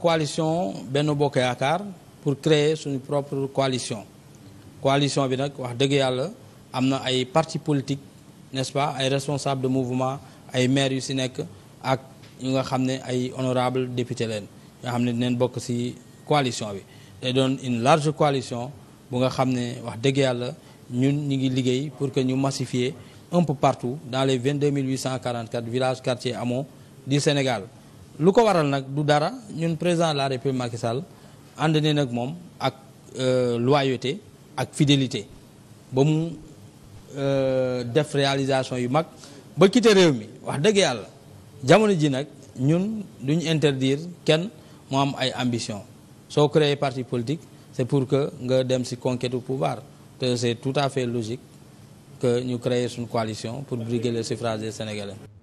coalition benn Bokk Yaakaar pour créer suñu propre coalition coalition bi nag wax dëgg yàlla am na ay parti politique nest pas ay responsable de mouvement ay maires yu si nekk ak ñu nga xam ne ay honorable député leen nga xam ne dinañ bokk si coalition bi day doon une large coalition bu nga xam ne wax dëgg yàlla ñun ñu ngi liggéey pour que ñu massifier un peu partout dans les 22 844 villages quartiers amont du Sénégal lu ko waral nag du dara ñun président la république Macky Sall ànd nag moom ak euh, loyauté ak fidélité ba mu euh, def réalisation yu mag ba quitté réew mi wax dëgg yàlla jamono ji nag ñun duñ interdire kenn mu am ay ambition soo créer parti politique c'est pour que nga dem ci conquête au pouvoir te c'est tout à fait logique que ñu créer suñu coalition pour briguer le suffrage des Sénégalais